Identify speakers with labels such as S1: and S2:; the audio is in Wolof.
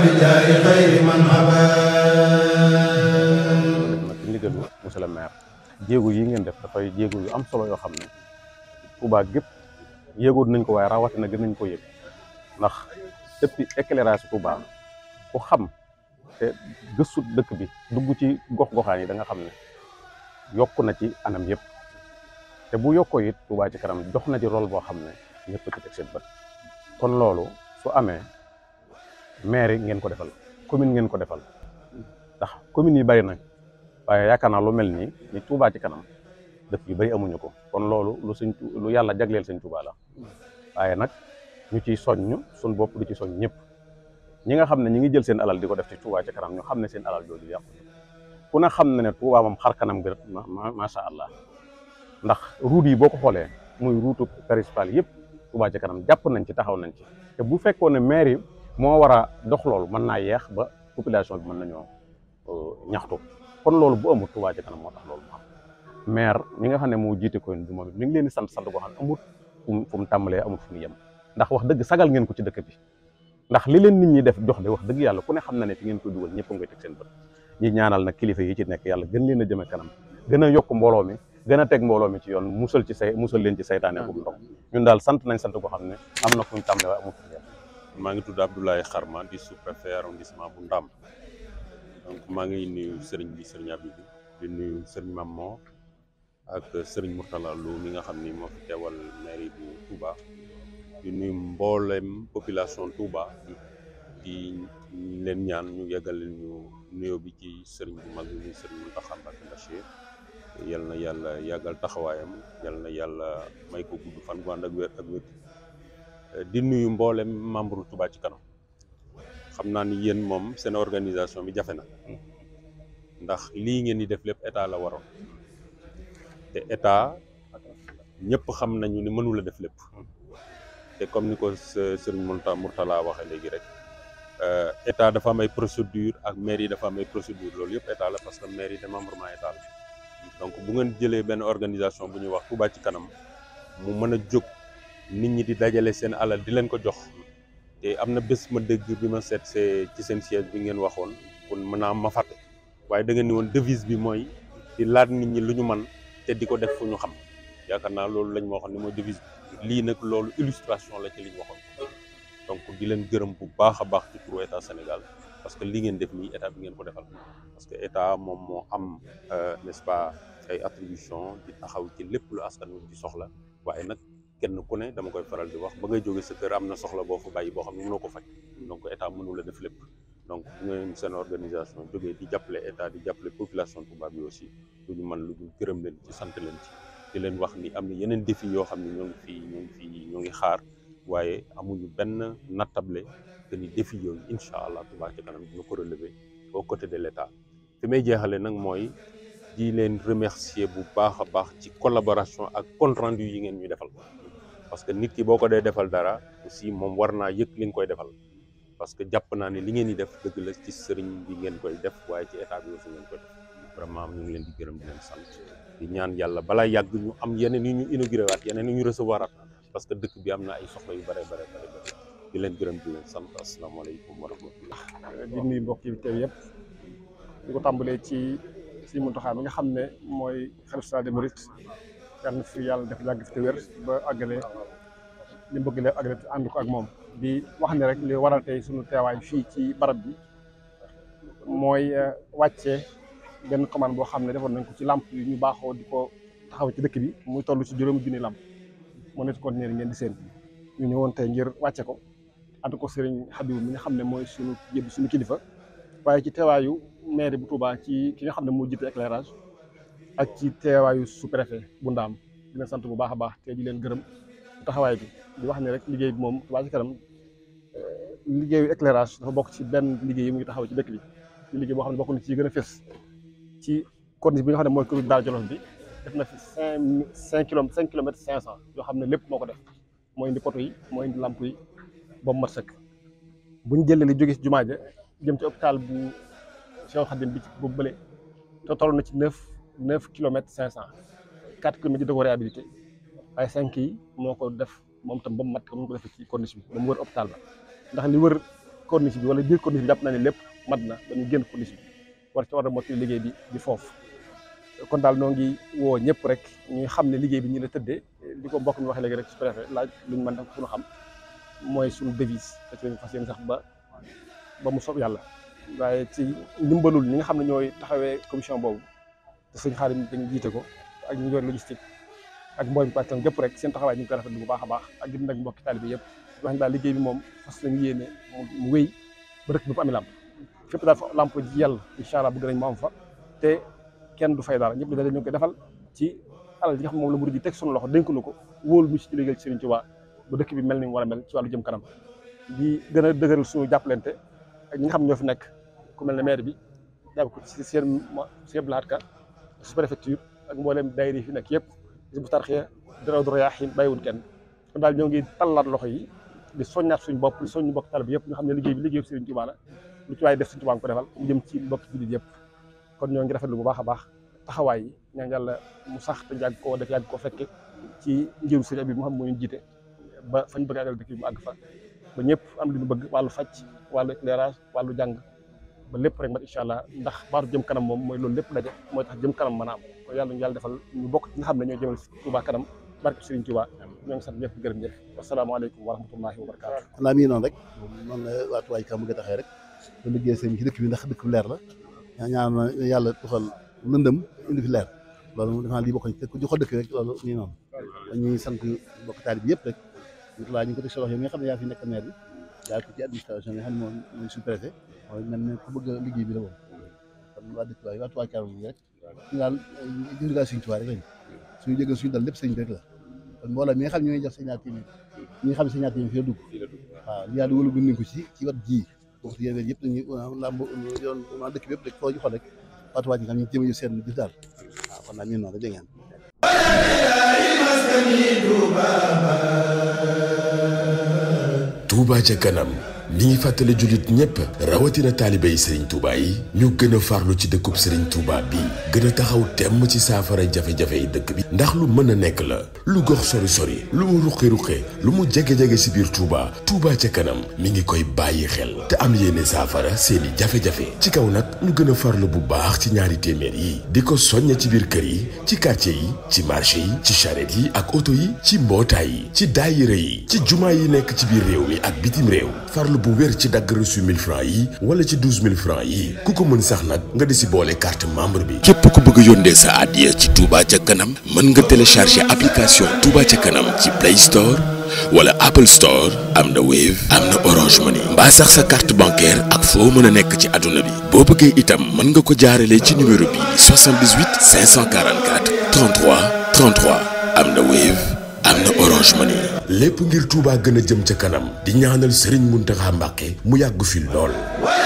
S1: bijaahi
S2: xayri man abaa
S3: nag ndigalu monsieur le maire yi ngeen def dafay jéego yu am solo yoo xam ne Touba gépp yéegoon nañ ko waaye rawatina gën nañ ko yëg ndax depuis éclairage Touba ku xam te gëstu dëkk bi dugg ci gox-goxaan yi danga xam ne yokk na ci anam yëpp te bu yokkoo it Touba ci kanam jox na ci rôle boo xam ne ñëpp ci teg seen bët kon loolu su amee maire ngeen ko defal commune ngeen ko defal tax commune yi bari nak waye yakana lu melni ni Touba ci kanam def yu bari amuñu ko kon lolu lu sëñ lu yalla jaglél señ Touba la waye nak ñu ci soñu sun bop du ci soñ ñep ñi nga xamne ñi ngi jël seen alal diko def ci Touba ci kanam ñu xamne seen alal jodi yaq ku na xamne ne Touba mom xar kanam ma sha allah ndax route yi boko xolé muy route principale yep Touba ci kanam japp nañ ci taxaw nañ ci te bu fekkone maire moo war a dox lool mën naa yeex ba population bi mën nañoo euh, ñaxtu kon loolu bu amul Touba ca kanam moo tax loolu mu am maire mi nga xam ne moo jiite commune bi moom it mi ngi leen di sant sant boo xam ne amul fu fu mu yem ndax wax dëgg sagal ngeen ko dëkk bi ndax li leen nit ñi def jox de wax dëgg yàlla ku ne xam na ne fi ngeen koy dugal ñëpp ngay teg seen kilifa yi ci nekk yàlla gën leen a jëme kanam gën a yokk mbooloo mi gën teg mbooloo mi ci yoon musal ci say musal leen ci saytaane bu ndox daal sant nañ sant boo xam ne am na fu ñu tàmbalee waaye amul
S2: mangi tudd Abdoulaye Kharma di sous-préfet arrondissement bu Ndam donc mangi ini nuyu serigne bi sëriñ Abibou di nuyu sering Mammo ak serigne murtala Lo mi nga xamni mo fi tewal mairie bu Touba di nuyu mbollem population Touba di len ñaan ñu yeggal ñu nuyo bi ci serigne bu mag ni serigne murtala Mbacké Bachir yalla, yalla yàlla yàggal taxawaayam yalla na may ko gudd fan gu and ak ak Euh, di nuyu mboolem membre Touba ci kanam xam naa ni yéen moom seen organisation bi jafe na ndax lii ngeen di def lépp état la waroon te état ñëpp xam nañu ni mënula def lépp te comme ni ko mun sëriñ Mourta laa waxee léegi rek euh, état dafa am ay ak maire yi dafa am ay procédure loolu yëpp état la parce que maire yi démembrement état la donc bu ngeen jëlee benn organisation bu ñuy wax Touba ci kanam mu mën a jóg nit ñi di dajale seen alal di leen ko jox te am na bés ma dëgg bi ma seet see ci seen siège bi ngeen waxoon kon mën naa ma fàtte waaye da ngeen ni woon devise bi mooy di laat nit ñi lu ñu man te di ko def fu ñu xam yaakaar naa loolu lañ ma waxoon ni mooy devise bi lii nag loolu illustration la ci li ñu waxoon donc di leen gërëm bu baax a baax ci turu état Sénégal parce que li ngeen def nii état bi ngeen ko defal parce que état moom moo am euh, n'est-ce pas ay attribution di ci lépp lu askan di soxla waaye nag kenn ku ne dama koy faral di wax ba nga jóge sa kër am na soxla boo fa bàyyi boo xam ne mënoo ko faj donc état mënu la def lépp donc ngeen seen organisation jógee di jàppale état di jàppale population Touba bi aussi du ñu man lu dul gërëm leen ci sant leen ci di leen wax ni am na yeneen défi yoo xam ne ñoo ñoo ngi xaar waaye amuñu benn nattable te ni défi yooyu incha allah Touba ca kanam dina ko relever au côté de l' état fi may jeexale nag mooy di leen remercier bu baax a baax ci collaboration ak compte rendu yi ngeen ñu defal parce que nit ki boo ko dee defal dara aussi moom war naa yëg li nga koy defal parce que jàpp naa ne li ngeen di def dëgg la ci sëriñ bi ngeen koy def waaye ci état bi aussi ngeen koy def vraiment ñu ngi leen di gërëm di leen sant di ñaan yàlla balaa yàgg ñu am yeneen yu ñu inauguré waat yeneen yu ñu recevoir at parce que dëkk bi am na ay soxla yu bare bare bare bare di leen gërëm di leen sant asalaamaaleykum wa rahmatullah
S4: di nuyu mbokk yi teew yëpp di ko tàmbalee ci si Muntaxa mi nga xam ne mooy xalifa des mourides yàlla na fi yàlla def yàgg fi te wér ba àggale li bëgg la àggale ànd ko ak moom di wax ne rek li waral tey suñu teewaay fii ci barab bi mooy euh, wàcce benn commande boo xam ne defoon nañ ko ci làmp yi ñu baaxoo di ko taxaw ci dëkk bi muy toll si juróomi junni làmp moo nekk conteneur yi ngeen di seen ñu ñëwoon tey ngir wàcce ko ànd ko sëriñ Habib mi nga xam ne mooy suñu jéb suñu kilifa waaye ci teewaayu maire bu Touba ci ki nga xam ne moo jiite éclairage ak ci teewaayu sous-préfet bu ndaam dina sant bu baax a baax te di leen gërëm taxawaay bi di wax ne rek liggéey bi moom Touba Ca Kanam liggéeyu éclairage dafa bokk ci benn liggéey yi mu ngi taxaw ci dëkk bi ci liggéey boo xam ne bokk na ci gën a fës ci corniche bi nga xam ne mooy kër Daara Jolof bi def na fi cinq cinq kilomètres cinq kilomètres cinq cent lépp moo def moo indi poto yi moo indi lamp yi ba mu sëkk bu ñu li jóge ci jumaa jëm ci hôpital bu Cheikh Khadim bi ci boobu bële te toll na ci neuf neuf kilomètres cinq cent quatre kilomètres yi da ko waaye cinq yi moo ko def moom tam ba mu mat comme ni ko defee ci corniche bi ba mu wër hôpital ba ndax li wër corniche bi wala biir corniche bi jàpp naa ne lépp mat na dañu génn corniche bi war ci war a mottali liggéey bi di foofu kon daal noo ngi woo ñëpp rek ñuy xam ne liggéey bi ñu la tëddee li ko mbokk mi waxee léegi rek laaj lu ñu mën def suñu xam mooy suñu devise te ci fas sax ba ba mu sob yàlla waaye ci ndimbalul ñi nga xam ne ñooy taxawee commission boobu te suñ xaarim dañ jiite ko ak ñu yor logistique ak mboolem pàccam gépp rek seen taxawaay ñu ngi koy rafetlu bu baax a baax ak gëm nag mbokki taalibe yëpp wax liggéey bi moom fas nañ yéene mu wéy ba rëkk bi bu amee làmp daal fa làmp ji yàlla incha allah bëgg nañ mu fa te kenn du fay dara ñëpp daal ñu koy defal ci alal ji nga xam moom la murid yi teg suñu loxo dénk ko wóolu mu ci liggéey ci Sëriñ ba dëkk bi mel ni mu war a mel ci wàllu jëm kanam di gën a dëgëral suñu jàppalante ak ñi xam ñoo fi nekk ku mel ne maire bi jàpp ko ci seen seen blaat ka sous-préfecture ak mboolem daayira fi nekk yëpp Hizbut Tarqiyyah Dawratul Rayaahiin bàyyiwul kenn kon daal ñoo ngi tallaat loxo yi di soññaat suñ bopp di soññ mbokk talib yëpp nga xam ne liggéey bi liggéey Sëriñ Tuubaa la lu ci def Sëriñ Tuubaa nga ko defal mu jëm ci mbokk jullit yëpp kon ñoo ngi rafetlu bu baax a baax taxawaay yi ñaan yàlla mu sax te koo def yàgg koo fekke ci njiru sëriñ bi mu xam moo ñu ba fañ bëgg àggal dëkk bi mu àgg fa ba ñëpp am li ñu bëgg wàllu faj wàllu éclairage wàllu jàng ba lépp rek mat incha allah ndax baatu jëm kanam moom mooy loolu lépp daje mooy tax jëm kanam mën a am kon yàlla ñu yàlla defal ñu nga xam ne ñooy jëmal Touba kanam barke Serigne Touba ñoo ngi sant ñëpp gërëm ñëpp wasalaamaaleykum wa rahmatullahi wa barakaatu xanaa mii noonu rek liggéey seen ci dëkk bi ndax dëkk bu leer la ñaan na yàlla tuxal lëndëm indi fi leer loolu moom dafa lii bokk ci ku joxal dëkk rek loolu nii dañuy sant bokk taali bi yëpp rek ñu ngi ko teg solo yow mi xam ne yaa fi nekk maire bi daa ko ci administration bi xam ne moom mooy sous-préfet mooy mel ne ku bëgg liggéey bi la moom kon waa dëkk waa waa Touba Thiaroye rek ñu daal jëndikaa suñu Touba rek lañ la mi nga xam ñooy jox señaat yi ñi xam señaat yi fi la dugg waaw li yàlla wëlu ji wax dëgg yàlla yëpp dañuy làmb yoon waa dëkk bi yëpp rek foo ñu xool rek waa Touba ci xam ñu jéem a jël seen jëf daal
S1: waaw Touba ca kanam mi ngi fàttali jullit ñépp rawatina taalibe yi Serigne Touba yi ñu gën a farlu ci dëkku Serigne Touba bi gën a taxaw temm ci saafara jafe-jafe yi dëkk bi ndax lu mën a nekk la lu gox sori sori lu mu ruqi-ruqe lu mu jege-jege si biir Touba Touba ca kanam mi ngi koy bàyyi xel te am yéene saafara seeni jafe-jafe ci kaw nag ñu gën a farlu bu baax ci ñaari téeméer yi di ko soññe ci biir kër yi ci quartier yi ci marché yi ci charrette yi ak oto yi ci mbootaay yi ci daayira yi ci jumaa yi nekk ci biir réew mi ak bitim réew bu wér ci dagg reçu 1000 francs yi wala ci 12000 francs yi ku ko mën sax nag nga di si boole carte membre bi. képp ku bëgg yónnee sa adiya ci Touba ca kanam mën nga télécharger application Touba ca kanam ci Play Store wala Apple Store am na Wave am na Orange mbaa sax sa carte bancaire ak foo mën a nekk ci àdduna bi boo bëggee itam mën nga ko jaaralee ci numéro bi 78 544 33 33 am na Wave. am na orange money lépp ngir tuubaa gën a jëm ca kanam di ñaanal Serigne Mountakha Mbacké mu yàgg fi lool